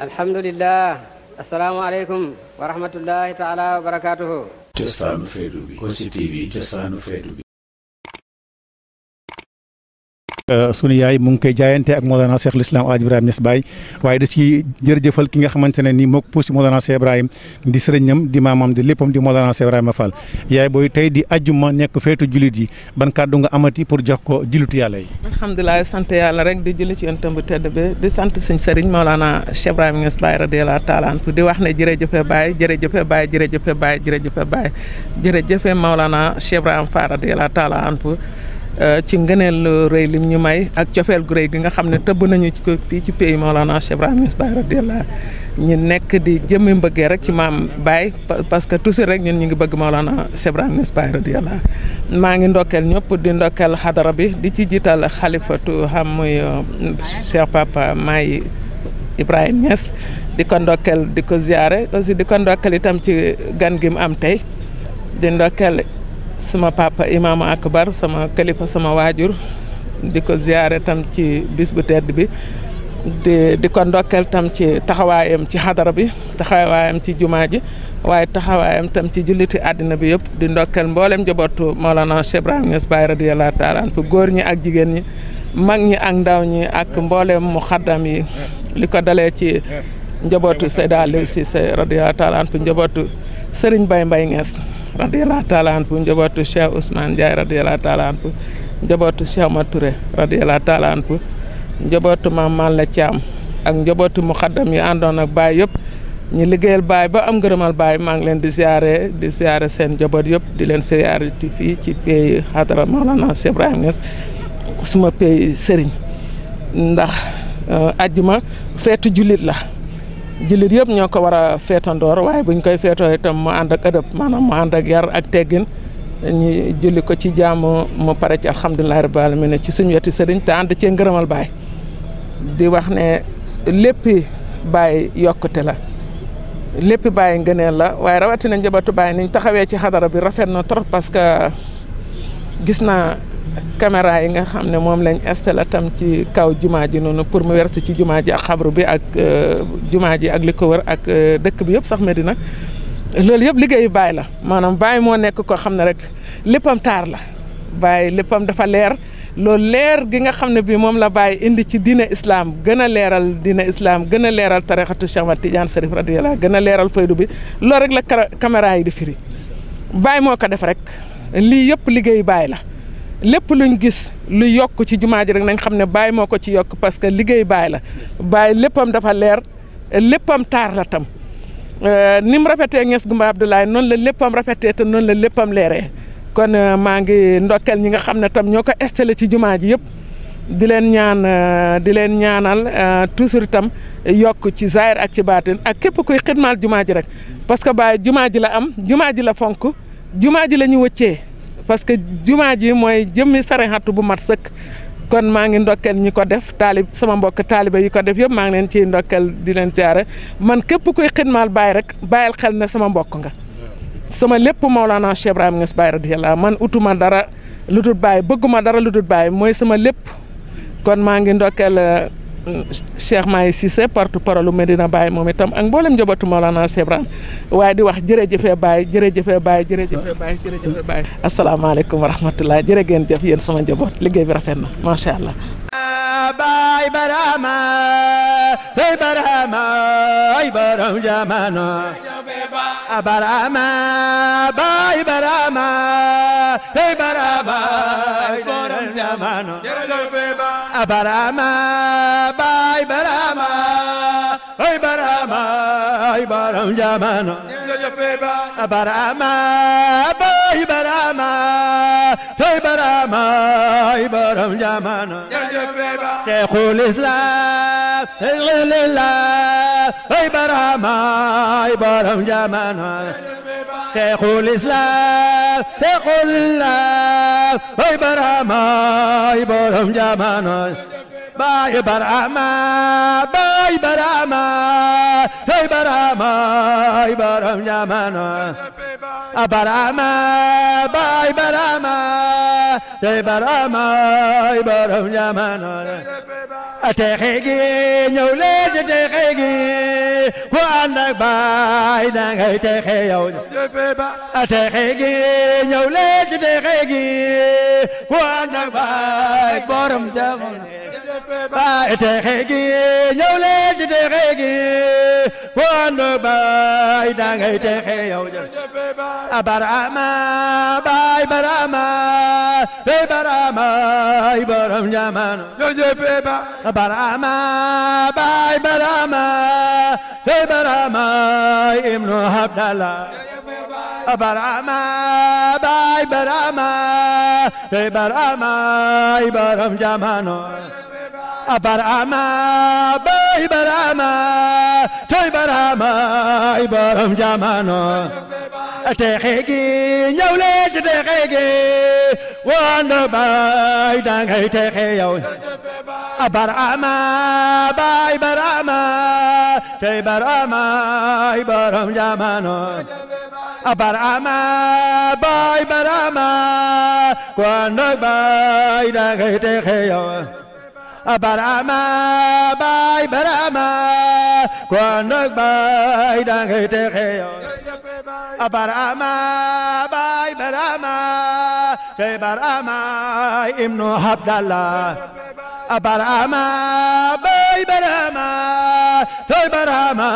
الحمد لله السلام عليكم ورحمة الله تعالى وبركاته Euh, sunu yaay mu ngi koy jaayante ak Mawlana Cheikh Lislam Al Ibrahima Niass Baye waaye da ci jërëjëfal ki nga xamante ne nii moo ko puusi Mawlana Cheikh Ibrahima di sërëñam di maamam di léppam di Mawlana Cheikh Ibrahima Fall yaay booy tey di ajjuma nekk feetu jullit yi ban pour Euh, ci ngëneel euh, rëy lim ñu may ak cofeel gu rëy gi nga xam ne tëbb nañu ci ko fii ci pays Maolana Cheikh Ibrahima Niass Baye radiyallahu ñu nekk di jëmmi mbëggee rek ci maam Baye parce que toujours rek ñun ñu ngi bëgg Maolana Cheikh Ibrahima Niass Baye radiyallahu maa ngi ndokkeel ñëpp di ndokkeel xadara bi di ci jiital xalifatu xam muy euh, Cheikh Papa Maay Ibrahima Niass di ko ndokkeel di ko ziyaare di ko ndokkeel itam ci gan gi am tey di ndokkeel sama papa imaamu akbar sama kalifa sama waajur di ko ziyaare tam ci bis bu tedd bi di di ko ndokkeel tam ci taxawaayam ci xadara bi taxawaayam ci jumaa ji waaye taxawaayam tam ci julliti àddina bi yëpp di ndokkeel mboolem njabootu Maolana Cheikh Ibrahima Niass Baye radiyallahu taala fu góor ñi ak jigéen ñi mag ñi ak ndaw ñi ak mbooleem mu xaddam yi li ko dalee ci njabootu Seyda Aliou Cissé radiyallahu taala anhu njabootu Serigne Baye Mbaye Niass radiyallahu taala anhu njabootu Cheikh Ousmane Ndiaye radiyallahu taala anhu njabootu Cheikh Omar Touré radiyallahu taala anhu ak njabootu muqaddam yi àndoon ak baay yëpp ñu liggéeyal baay ba am ngërëmal baay maa ngi leen di siyaare di siyaare seen njaboot yëpp di leen siyaare ci fii ci pays Hadara Maolana Cheikh Ibrahim suma pays Serigne ndax euh, ajjuma feetu jullit la jullit yëpp ñoo ko war a feetandoor waaye buñ koy feetoo itam mu ànd ak ëdëb maanaam mu ànd ak yar ak teggin ñu julli ko ci jaamu mu pare ci alhamdulilahi rabbil alamin ci suñu weti sëriñ te ànd cee ngërëmal baay di wax ne léppi baay yokkute la léppi baay ngëneel la waaye rawatina njabootu baay niñ taxawee ci xadara bi rafet na trop parce que gis naa caméra yi nga xam ne moom lañ installé tam ci kaw jumaa ji noonu pour mu wersi ci jumaa ji ak xabru bi ak euh, jumaa ji ak li ko wër ak euh, dëkk bi yëpp sax Medina loolu yëpp liggéey Baye la maanaam baay moo nekk koo xam ne rek léppam taar la Baye léppam dafa leer loolu leer gi nga xam ne bii moom la Baye indi ci diine islam gën a leeral diine islam gën a leeral tarixatu Cheikh Ahmad Tidiane Serif radiyallahu gën a leeral faydu bi loolu rek la caméra yi di firi baay moo ko def rek lii yëpp liggéeyu Baye la. lépp luñ gis lu yokk ci jumaa ji rek nañ xam ne Baye moo ko ci yokk parce que liggéey baay la Baye léppam dafa leer léppam taar la tam euh, ni mu rafetee Nges Gumba Abdoulaye noonu la léppam rafetee te noonu la léppam leere kon euh, maa ngi ndokkeel ñi nga xam ne tam ñoo ko installé ci jumaa ji yëpp di leen ñaan euh, di leen ñaanal toujours itam yokk ci zaahir ak ci baatin ak képp kuy xidmaal jumaa ji rek parce que Baye jumaa ji la am jumaa ji la fonk jumaa ji la ñu wëccee parce que jumaa ji mooy jëmmi sarexatu bu mat sëkk kon maa ngi ndokkeel ñi ko def taalib sama mbokk taaliba yi ko def yëpp maa ngi leen ciy ndokkeel di leen siyaare man képp kuy xidmaal Baay rek bàyyil xel ne sama mbokk nga sama lépp Mawlana Cheikh Ibrahima Niass Baay radiyallahu man utuma dara lu dul Baay bëgguma dara lu dul Baay mooy sama lépp kon maa ngi ndokkeel Cheikh Mahi Cissé porte-parole Medina Baye moom itam ak mbollem jobatu maulana sebran, way di wax jërëjëfee Baye jërëjëfee Baye jërëjëfee Baye jërëjëfee Baye. alaykum wa rahmatullah jere gen jëf yeen sama jobot liggey bi rafetna ma sha allah. Baye Barama Baye Barama ay baram jamana abarama Baye Barama Baye Barama ay baram jamana barama bay barama ay barama ay baram jamano barama bay barama ay barama ay baram jamano Cheikhul Islam ay barama ay borom jamano Seexul Islaam Seexul Islaam ay barama ay borom jamano baay barama baay barama ay barama ay borom jamano barama baay barama ay barama ay borom jamano texe gi ñëw leen ci texe gi ku ànd ak baay da ngay texe yow texe gi ñëw leen ci texe gi ku ànd ak baay borom jamono texe gi ñëw leen ci texe gi woonu baay dangay texe yow jërëjëf baay barama baay barama baay barama borom jamono jërëjëf baay barama baay barama baay barama ibnu abdallah barama baay barama baay barama borom jamono barama bay barama coy barama i borom jamano texe gi ñëw leen ci texe gi wando bay dangay texe yow barama bay barama coy barama i borom jamano barama bay barama wando bay dangay texe yow barama bay barama kon nok bay e da ngay texe yo barama bay barama cey barama ibnu abdallah barama bay barama cey barama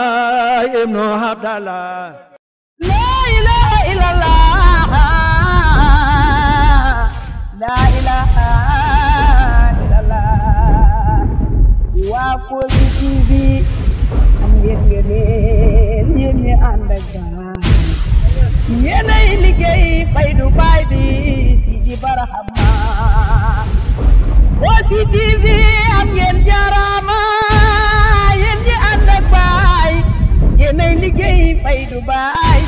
ibnu abdallah la ilaha illallah liggéey faydu baay bi Sidi Barhama Kossy TV am ngeen jaaraama yéen ñi ànd ak baay yéenay liggéey faydu baay